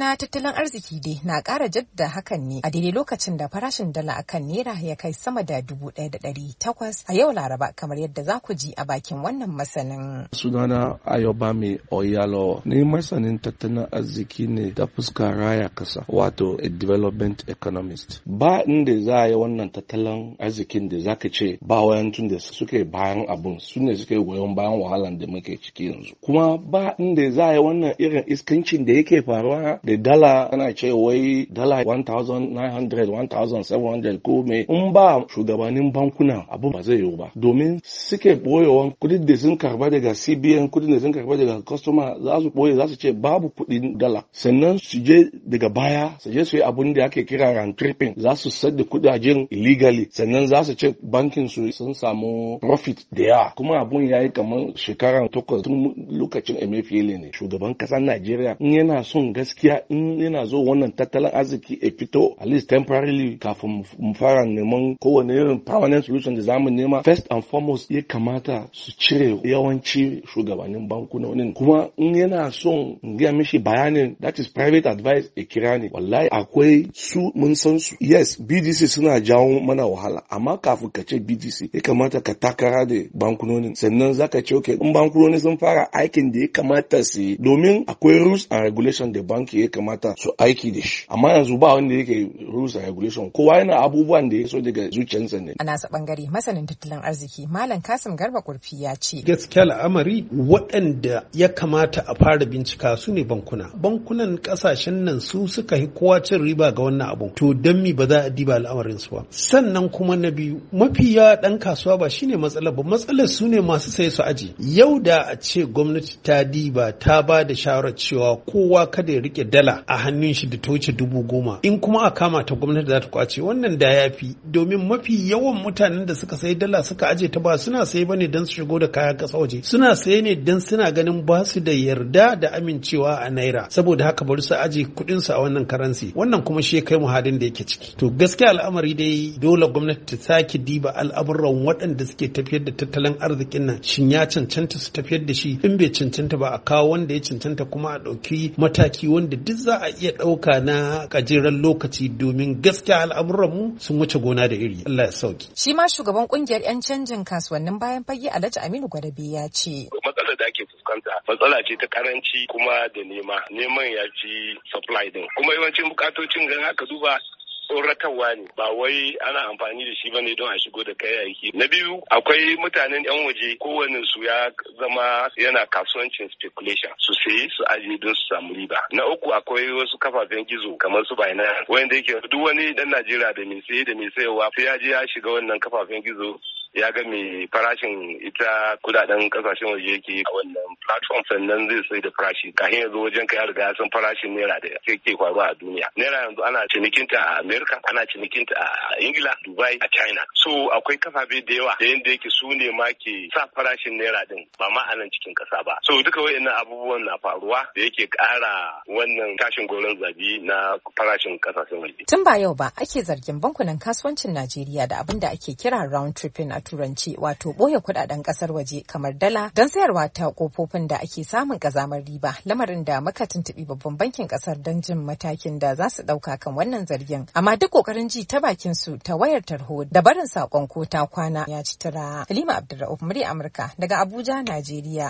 na tattalin arziki dai na ƙara jaddada hakan ne a daidai lokacin da farashin dala akan naira ya kai sama da dubu ɗaya da ɗari takwas a yau laraba kamar yadda za ku ji a bakin wannan masanin. Sunana Ayobami Oyalo ni masanin tattalin arziki ne da fuska raya kasa wato a development economist. Ba inda za a yi wannan tattalin arzikin da ka ce ba wayancin da suke bayan abun su ne suke goyon bayan wahalan da muke ciki yanzu. Kuma ba inda za a yi wannan irin iskancin da yake faruwa da dala ana ce wai dala 1900 1700 ko me in ba shugabannin bankuna abu ba zai yiwu ba domin suke boyewan kudin da sun karba daga cbn kudin da sun karba daga customer za su boye za su ce babu kudin dala sannan su je daga baya su je su yi abun da ake kira round tripping za su sadda kudajen illegally sannan za su ce bankin su sun samu profit da yawa kuma abun ya yi kamar shekara takwas tun lokacin emefiele ne shugaban kasar najeriya in yana son gaskiya in yana zo wannan tattalin arziki a fito at least temporarily kafin mu fara neman kowane irin permanent solution da zamu nema first and foremost ya kamata su cire yawanci shugabannin bankunonin kuma in yana son in gaya mishi bayanin that is private advice a kira ne wallahi akwai su mun san su yes BDC suna jawo mana wahala amma kafin ka ce BDC ya kamata ka takara da bankunonin sannan zaka ce okay in bankunoni sun fara aikin da ya kamata su yi domin akwai rules and regulation da banki ya kamata su aiki da shi amma yanzu ba wanda yake rules and regulation kowa yana abubuwan da ya so daga zuciyarsa ne a nasa bangare masanin tattalin arziki malam kasim garba kurfi ya ce gaskiya al'amari waɗanda ya kamata a fara bincika su ne bankuna bankunan kasashen nan su suka yi kowa cin riba ga wannan abu to dan mi ba za a diba al'amarin su ba sannan kuma na biyu mafi yawa dan kasuwa ba shine matsalar ba matsalar su ne masu saye su aji yau da a ce gwamnati ta diba ta ba da shawarar cewa kowa kada ya rike dala a hannun shi da ta wuce dubu goma in kuma a kama ta gwamnati za ta kwace wannan da ya fi domin mafi yawan mutanen da suka sayi dala suka aje ta ba suna saye ne don su shigo da kaya kasa waje suna saye ne don suna ganin ba su da yarda da amincewa a naira saboda haka bari su aje kuɗin su a wannan karansi wannan kuma shi kai mu halin da yake ciki to gaskiya al'amari dai dole gwamnati ta sake diba al'amuran waɗanda suke tafiyar da tattalin arzikin nan shin ya cancanta su tafiyar da shi in bai cancanta ba a kawo wanda ya cancanta kuma a ɗauki mataki wanda duk za a iya ɗauka na gajeren lokaci domin gaskiya al'amuranmu sun wuce gona da iri Allah ya sauki. Shi ma shugaban ƙungiyar 'yan canjin kasuwannin bayan fage Alhaji Aminu Gwadabe ya ce. Matsalar da ake fuskanta matsala ce ta karanci kuma da nema neman ya ci supply din kuma yawancin bukatocin gan haka duba tsoratarwa ne ba wai ana amfani da shi ba ne don a shigo da kayayyaki na biyu akwai mutanen yan waje kowane su ya zama yana kasuwancin speculation su sayi su aje don su samu riba na uku akwai wasu kafafen gizo kamar su Binance wanda yake duk wani dan Najeriya da mai saye da mai sayarwa sai ya je ya shiga wannan kafafen gizo ya ga mai farashin ita kudaden kasashen waje yake a wannan platform sannan zai sai da farashi Ka ya yanzu wajen ka ya riga ya farashin naira da yake faruwa a duniya naira yanzu ana cinikinta a america ana cinikinta a ingila dubai a china so akwai kasafe da yawa da yanda yake su ne ma ke sa farashin naira din ba ma a nan cikin kasa ba so duka wayannan abubuwan na faruwa da yake kara wannan tashin goron zabi na farashin kasashen waje tun ba yau ba ake zargin bankunan kasuwancin najeriya da abin da ake kira round tripping a turanci wato boye kudaden kasar waje kamar dala don sayarwa ta kofofin da ake samun kazamar riba lamarin da maka tuntubi babban bankin kasar don jin matakin da za su dauka kan wannan zargin amma duk kokarin ji ta bakin su ta wayar tarho da barin sakon ko ta kwana ya ci tara Halima Abdulrauf murya Amurka daga Abuja Najeriya